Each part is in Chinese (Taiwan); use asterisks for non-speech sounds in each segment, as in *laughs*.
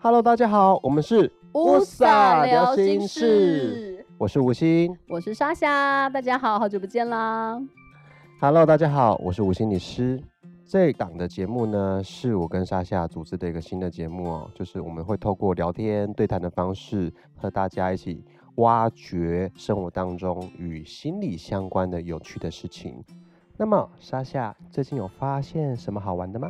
Hello，大家好，我們是烏沙聊心事，我是五星，我是莎夏，大家好，好久不見啦。Hello，大家好，我是五星女師。這一檔的節目呢，是我跟莎夏組織的一個新的節目哦，就是我們會透過聊天對談的方式，和大家一起挖掘生活當中與心理相關的有趣的事情。那麼，莎夏最近有發現什麼好玩的嗎？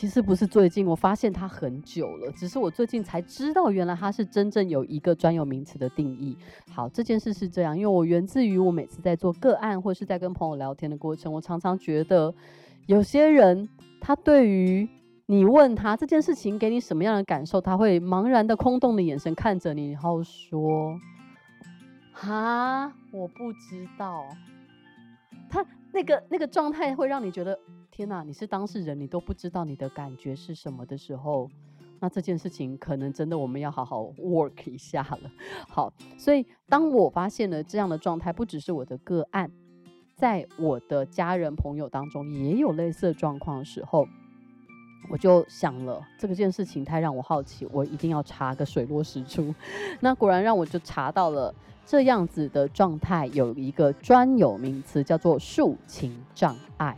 其實不是最近，我發現他很久了。只是我最近才知道，原來他是真正有一個專有名詞的定義。好，這件事是這樣，因為我源自於我每次在做個案，或是在跟朋友聊天的過程，我常常覺得有些人，他對於你問他這件事情給你什麼樣的感受，他會茫然的、空洞的眼神看着你，然後說：“啊，我不知道。”他。那個那個狀態會讓你覺得天哪，你是當事人，你都不知道你的感覺是什麼的時候，那這件事情可能真的我們要好好 work 一下了。好，所以當我發現了這樣的狀態，不只是我的個案，在我的家人朋友當中也有類似的狀況的時候，我就想了，這個件事情太讓我好奇，我一定要查個水落石出。 *laughs* 那果然讓我就查到了。這樣子的狀態有一個專有名詞叫做述情障礙。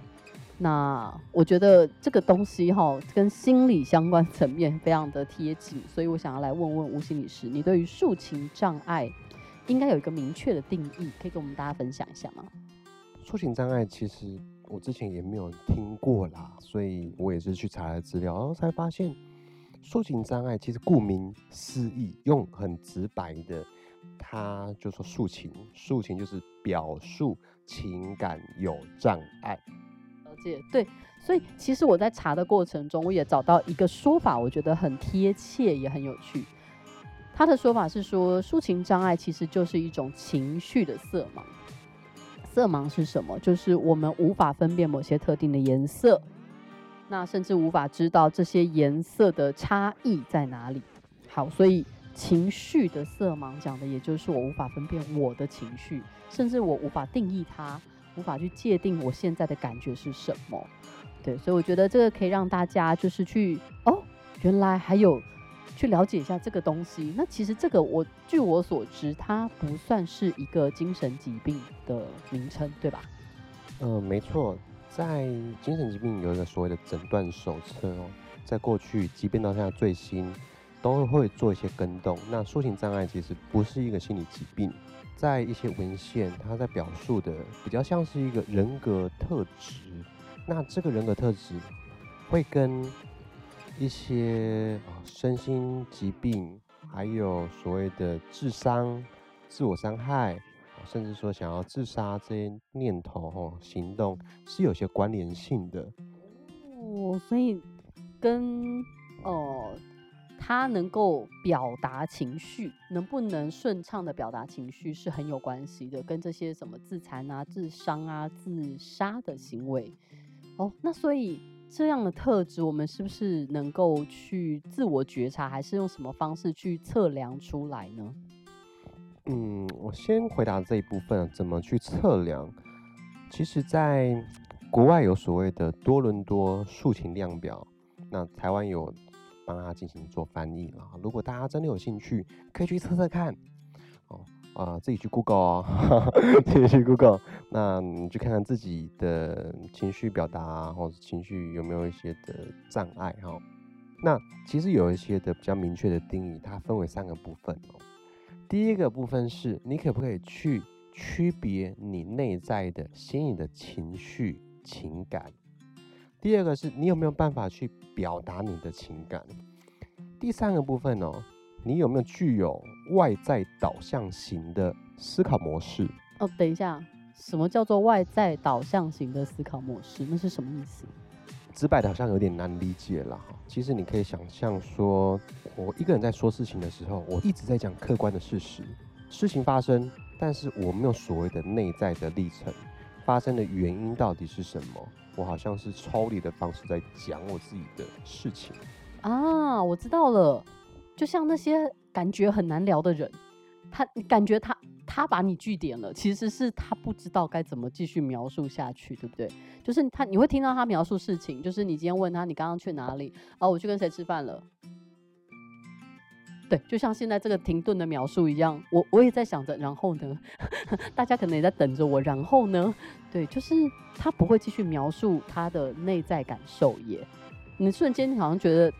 那我覺得這個東西哈跟心理相關層面非常的貼近。所以我想要來問問吳心理師，你對於述情障礙應該有一個明確的定義，可以跟我們大家分享一下嗎？述情障礙其實我之前也沒有聽過啦，所以我也是去查了資料，然後才發現述情障礙其實顧名思義，用很直白的。他就說述情，述情就是表述情感有障礙。了解，對，所以其實我在查的過程中，我也找到一個說法，我覺得很貼切，也很有趣。他的說法是說，述情障礙其實就是一種情緒的色盲。色盲是什麼？就是我們無法分辨某些特定的顏色，那甚至無法知道這些顏色的差異在哪裡。好，所以。情緒的色盲講的，也就是我無法分辨我的情緒，甚至我無法定義它，無法去界定我現在的感覺是什麼。對，所以我覺得這個可以讓大家就是去哦，原來還有去了解一下這個東西。那其實這個我據我所知，它不算是一個精神疾病的名稱，對吧？嗯、呃，沒錯，在精神疾病有一個所謂的診斷手冊哦，在過去，即便到現在最新。都會做一些更動。那述情障礙其實不是一個心理疾病，在一些文獻，它在表述的比較像是一個人格特質。那這個人格特質會跟一些身心疾病，還有所謂的智商、自我傷害，甚至說想要自殺這些念頭、哈行動是有些關聯性的。哦，所以跟哦。呃他能夠表達情緒，能不能順暢的表達情緒是很有關係的，跟這些什麼自殘啊、自傷啊、自殺的行為，哦，那所以這樣的特質，我們是不是能夠去自我覺察，還是用什麼方式去測量出來呢？嗯，我先回答這一部分，怎麼去測量？其實，在國外有所謂的多倫多述情量表，那台灣有。幫他進行做翻譯了、哦。如果大家真的有興趣，可以去測測看。哦，啊、呃，自己去 Google 啊、哦，自己去 Google，那你去看看自己的情緒表達或者情緒有沒有一些的障礙哈、哦。那其實有一些的比較明確的定義，它分為三個部分哦。第一個部分是你可不可以去區別你內在的心裡的情緒情感？第二個是你有沒有辦法去表達你的情感？第三個部分哦，你有沒有具有外在導向型的思考模式？哦，等一下，什麼叫做外在導向型的思考模式？那是什麼意思？直白的好像有點難理解啦。其實你可以想象說，我一個人在說事情的時候，我一直在講客觀的事實，事情發生，但是我沒有所謂的內在的歷程。發生的原因到底是什麼？我好像是抽離的方式在講我自己的事情啊，我知道了。就像那些感覺很難聊的人，他你感覺他他把你句點了，其實是他不知道該怎麼繼續描述下去，對不對？就是他，你會聽到他描述事情，就是你今天問他你剛剛去哪裡啊？哦，我去跟誰吃飯了？對，就像現在這個停頓的描述一樣，我我也在想着，然後呢，大家可能也在等着我，然後呢，對，就是他不會繼續描述他的內在感受耶。你瞬間你好像覺得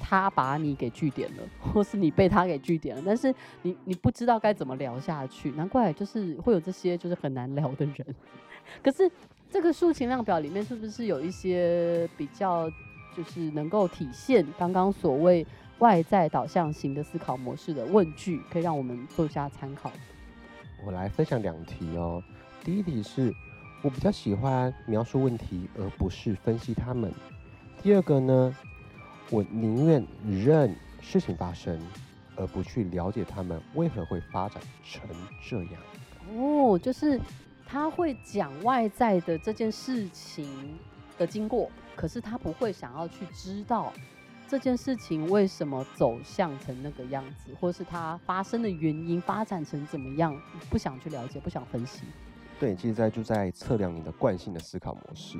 他把你給句點了，或是你被他給句點了，但是你你不知道該怎麼聊下去，難怪就是會有這些就是很難聊的人。可是這個述情量表裡面是不是有一些比較就是能夠體現剛剛所謂？外在導向型的思考模式的問句，可以讓我們做一下參考。我來分享兩題哦。第一題是，我比較喜歡描述問題，而不是分析他們。第二個呢，我寧願任事情發生，而不去了解他們為何會發展成這樣。哦，就是他會講外在的這件事情的經過，可是他不會想要去知道。這件事情為什麼走向成那個樣子，或是它發生的原因、發展成怎麼樣，不想去了解，不想分析。對，現在就在測量你的慣性的思考模式，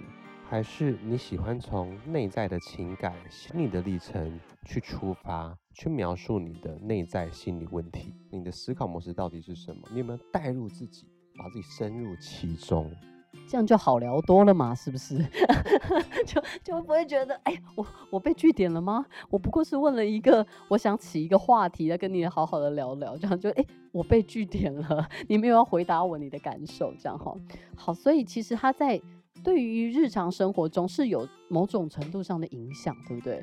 還是你喜歡從內在的情感心理的歷程去出發，去描述你的內在心理問題？你的思考模式到底是什麼？你有沒有帶入自己，把自己深入其中？這樣就好聊多了嘛，是不是？ *laughs* 就就不會覺得哎，我我被句點了嗎？我不過是問了一個，我想起一個話題，來跟你好好的聊聊，這樣就哎，我被句點了，你沒有要回答我你的感受，這樣哈。好，所以其實他在對於日常生活中是有某種程度上的影響，對不對？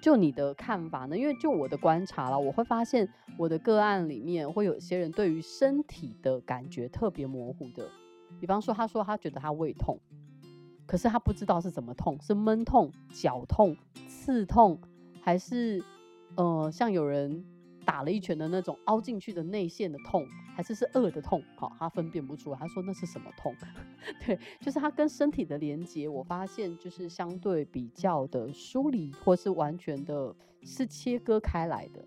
就你的看法呢？因為就我的觀察了，我會發現我的個案裡面會有些人對於身體的感覺特別模糊的。比方說，他說他覺得他胃痛，可是他不知道是怎麼痛，是悶痛、絞痛、刺痛，還是呃像有人打了一拳的那種凹進去的內陷的痛，還是是餓的痛？好、哦，他分辨不出來。他說那是什麼痛？ *laughs* 對，就是他跟身體的連接。我發現就是相對比較的疏離，或是完全的是切割開來的。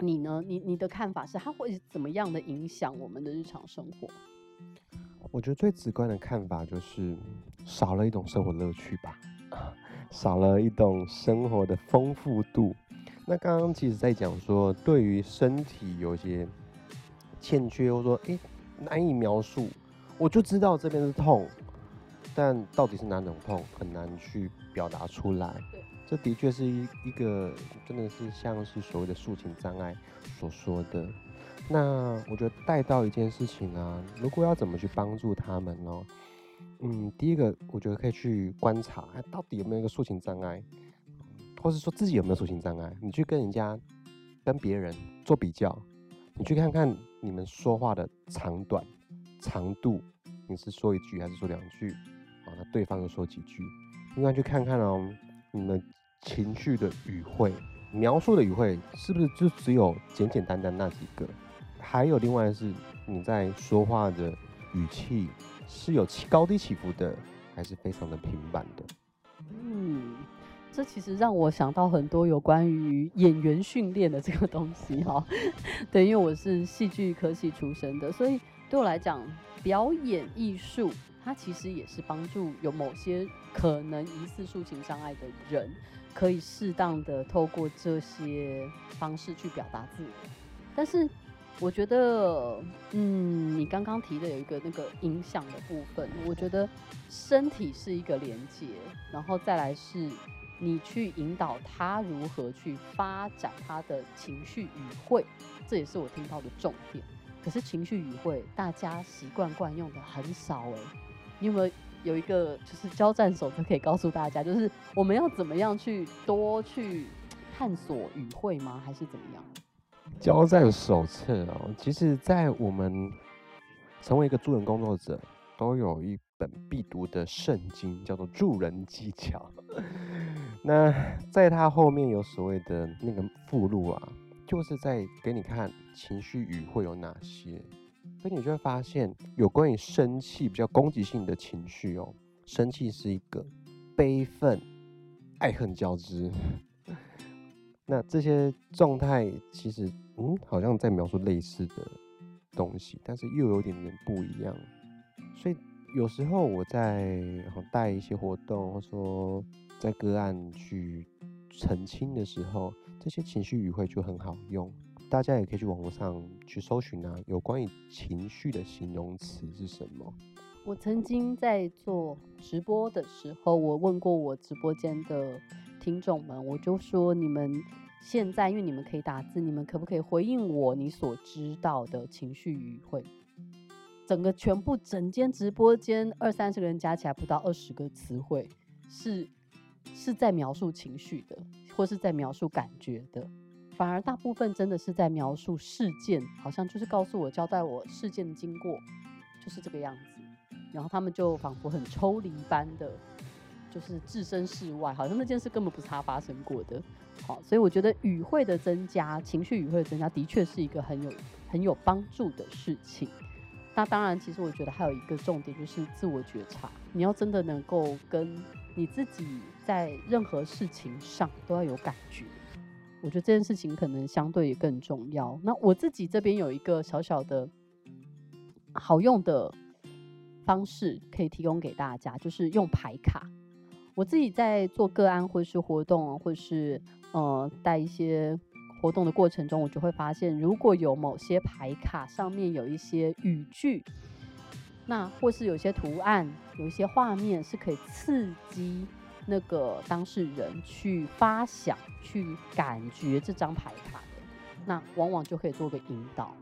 你呢？你你的看法是，他會怎麼樣的影響我們的日常生活？我覺得最直觀的看法就是少了一種生活樂趣吧，啊，少了一種生活的豐富度。那剛剛其實在講說，對於身體有些欠缺，或說誒、欸，難以描述，我就知道這邊是痛，但到底是哪種痛，很難去表達出來。這的確是一一個真的是像是所謂的述情障礙所說的。那我覺得帶到一件事情啊，如果要怎麼去幫助他們呢、喔？嗯，第一個我覺得可以去觀察他、啊、到底有沒有一個述情障礙，或是說自己有沒有述情障礙。你去跟人家、跟別人做比較，你去看看你們說話的長短、長度，你是說一句還是說兩句？啊，那對方又說幾句？另外去看看哦、喔，你們情緒的語彙、描述的語彙是不是就只有簡簡單單那幾個？還有另外的是，你在說話的語氣是有起高低起伏的，還是非常的平板的？嗯，這其實讓我想到很多有關於演員訓練的這個東西哈、哦。 *laughs* *laughs* 對，因為我是戲劇科系出身的，所以對我來講，表演藝術它其實也是幫助有某些可能疑似述情障礙的人，可以適當的透過這些方式去表達自己。但是。我覺得，嗯，你剛剛提的有一個那個影響的部分，我覺得身體是一個連接，然後再來是你去引導他如何去發展他的情緒語彙，這也是我聽到的重點。可是情緒語彙，大家習慣慣用的很少哎、欸。你有沒有有一個就是交戰守則可以告訴大家，就是我們要怎麼樣去多去探索語彙嗎？還是怎麼樣？交戰手冊哦，其實，在我們成為一個助人工作者，都有一本必讀的聖經，叫做《助人技巧》那。那在它後面有所謂的那個附錄啊，就是在給你看情緒語會有哪些。所以你就會發現，有關於生氣比較攻擊性的情緒哦，生氣是一個悲憤、愛恨交織。那這些狀態其實，嗯，好像在描述類似的東西，但是又有點點不一樣。所以有時候我在帶一些活動，或說在個案去澄清的時候，這些情緒語彙就很好用。大家也可以去網絡上去搜尋啊，有關於情緒的形容詞是什麼。我曾經在做直播的時候，我問過我直播間的。聽眾們，我就說你們現在，因為你們可以打字，你們可不可以回應我？你所知道的情緒語彙，整個全部整間直播間二三十個人加起來，不到二十個詞彙是是在描述情緒的，或是在描述感覺的，反而大部分真的是在描述事件，好像就是告訴我交代我事件的經過，就是這個樣子。然後他們就仿佛很抽離般的。就是置身事外，好像那件事根本不是他發生過的。好，哦，所以我覺得語彙的增加，情緒語彙的增加，的確是一個很有很有幫助的事情。那當然，其實我覺得還有一個重點就是自我覺察，你要真的能夠跟你自己在任何事情上都要有感覺。我覺得這件事情可能相對也更重要。那我自己這邊有一個小小的好用的方式可以提供給大家，就是用牌卡。我自己在做個案，或是活動，或是呃帶一些活動的過程中，我就會發現，如果有某些牌卡上面有一些語句，那或是有些圖案、有一些畫面，是可以刺激那個當事人去發想、去感覺這張牌卡的，那往往就可以做個引導。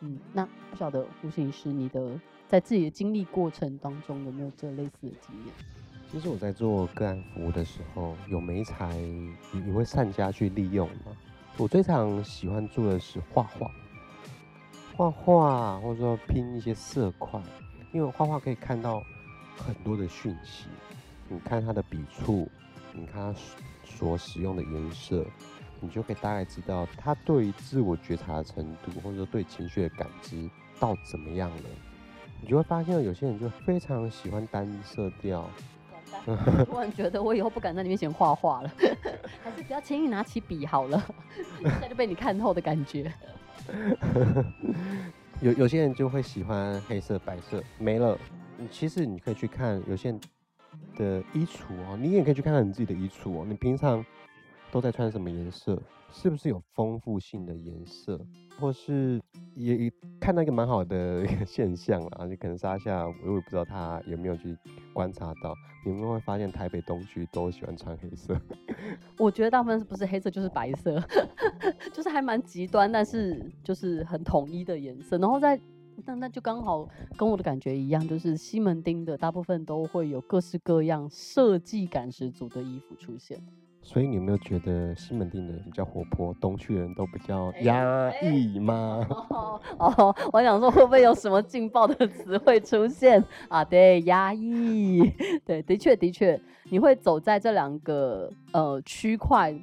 嗯，那不曉得胡姓師，你的在自己的經歷過程當中，有沒有這類似的經驗？其實我在做個案服務的時候，有沒才你會善加去利用嗎？我最常喜歡做的是畫畫，畫畫或者說拼一些色塊，因為畫畫可以看到很多的訊息。你看他的筆觸，你看他所使用的顏色，你就可以大概知道他對於自我覺察的程度，或者說對情緒的感知到怎麼樣了。你就會發現有些人就非常喜歡單色調。 *laughs* 突然覺得我以後不敢在你面前畫畫了， *laughs* 還是不要輕易拿起筆好了，一下就被你看透的感覺 *laughs* 有。有有些人就會喜歡黑色、白色沒了。其實你可以去看有些人的衣櫥哦、喔，你也可以去看看你自己的衣櫥哦、喔，你平常。都在穿什麼顏色？是不是有豐富性的顏色，或是也，也看到一個蠻好的現象啊？你可能撒下我也不知道他有沒有去觀察到，你們會發現台北東區都喜歡穿黑色。我覺得大部分不是黑色就是白色， *laughs* 就是還蠻極端，但是就是很統一的顏色。然後在那那就剛好跟我的感覺一樣，就是西門町的大部分都會有各式各樣設計感十足的衣服出現。所以你有沒有覺得西門町的人比較活潑，東區的人都比較壓抑嗎？欸欸哦？哦，我想說會不會有什麼勁爆的詞彙出現 *laughs* 啊？對，壓抑， *laughs* 對，的確的確，你會走在這兩個呃區塊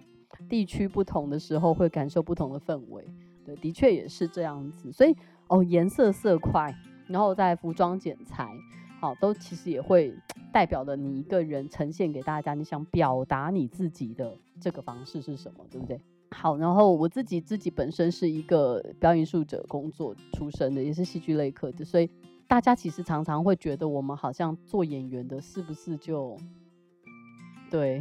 地區不同的時候，會感受不同的氛圍。對，的確也是這樣子。所以哦，顏色色塊，然後在服裝剪裁。好，都其實也會代表了你一個人呈現給大家，你想表達你自己的這個方式是什麼，對不對？好，然後我自己自己本身是一個表演術者工作出身的，也是戲劇類科的，所以大家其實常常會覺得我們好像做演員的是不是就對，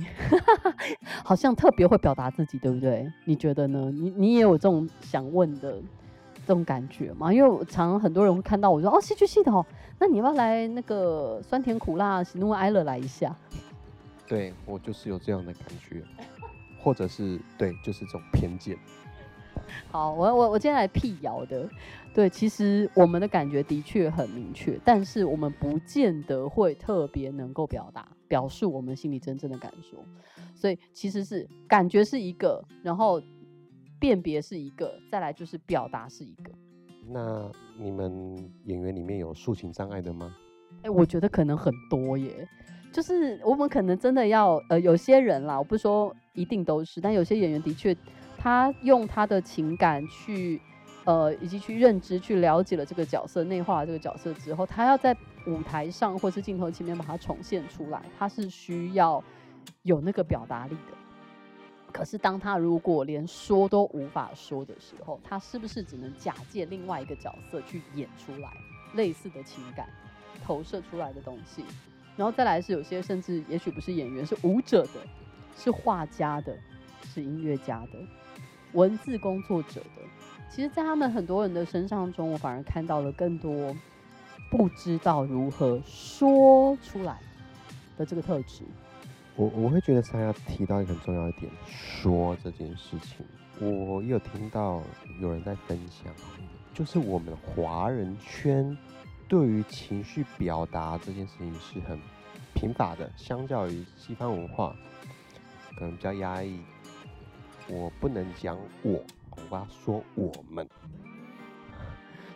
*laughs* 好像特別會表達自己，對不對？你覺得呢？你你也有這種想問的？這種感覺嘛，因為常，常很多人會看到我說哦，戲劇系的哦，那你要，不要來那個酸甜苦辣、喜怒哀樂來一下。對，我就是有這樣的感覺，或者是對，就是這種偏見。好，我我我今天來闢謠的。對，其實我們的感覺的確很明確，但是我們不見得會特別能夠表達、表述我們心裡真正的感受。所以其實是感覺是一個，然後。辨別是一個，再來就是表達是一個。那你們演員裡面有述情障礙的嗎？哎、欸，我覺得可能很多耶，就是我們可能真的要，呃，有些人啦，我不說一定都是，但有些演員的確，他用他的情感去，呃，以及去認知、去了解了這個角色，內化了這個角色之後，他要在舞台上或是鏡頭前面把它重現出來，他是需要有那個表達力的。可是，當他如果連說都無法說的時候，他是不是只能假借另外一個角色去演出來類似的情感、投射出來的東西？然後再來是有些甚至也許不是演員，是舞者的，是畫家的，是音樂家的，文字工作者的。其實，在他們很多人的身上中，我反而看到了更多不知道如何說出來的這個特質。我我會覺得三亞提到一個很重要一點，說這件事情，我有聽到有人在分享，就是我們華人圈對於情緒表達這件事情是很貧乏的，相較於西方文化，可能比較壓抑。我不能講我，我要說我們，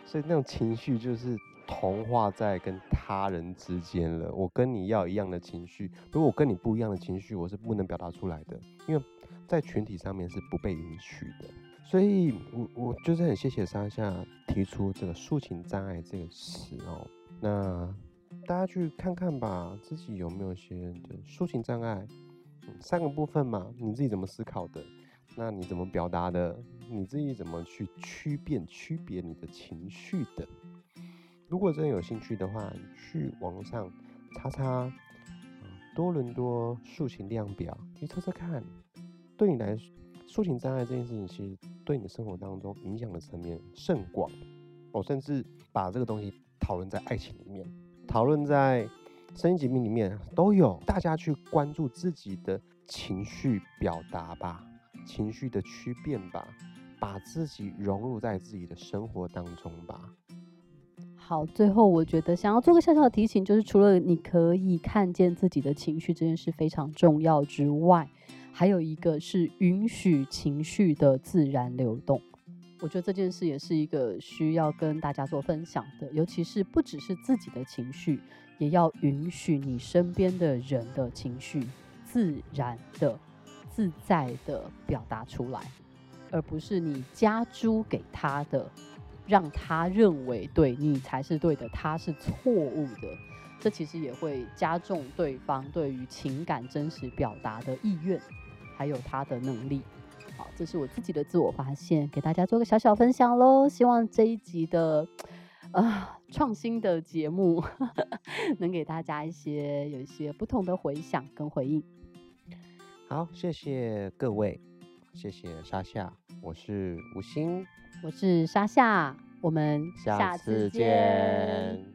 所以那種情緒就是。同化在跟他人之間了。我跟你要一樣的情緒，如果我跟你不一樣的情緒，我是不能表達出來的，因為在群體上面是不被允許的。所以，我我就是很謝謝沙夏提出這個述情障礙這個詞哦。那大家去看看吧，自己有沒有些的述情障礙？嗯，三個部分嘛，你自己怎麼思考的？那你怎麼表達的？你自己怎麼去區辨區別你的情緒的？如果真的有興趣的話，你去網上查查、嗯、多倫多述情量表，你測測看。對你來說，述情障礙這件事情，其實對你生活當中影響的層面甚廣。我、哦、甚至把這個東西討論在愛情裡面，討論在身心疾病裡面都有。大家去關注自己的情緒表達吧，情緒的區變吧，把自己融入在自己的生活當中吧。好，最後我覺得想要做個小小的提醒，就是除了你可以看見自己的情緒這件事非常重要之外，還有一個是允許情緒的自然流動。我覺得這件事也是一個需要跟大家做分享的，尤其是不只是自己的情緒，也要允許你身邊的人的情緒自然的、自在的表達出來，而不是你加諸給他的。讓他認為對你才是對的，他是錯誤的。這其實也會加重對方對於情感真實表達的意願，還有他的能力。好，這是我自己的自我發現，給大家做個小小分享嘍。希望這一集的呃創新的節目呵呵能給大家一些有一些不同的回響跟回應。好，謝謝各位，謝謝沙夏，我是吳昕，我是沙夏。我們下次見。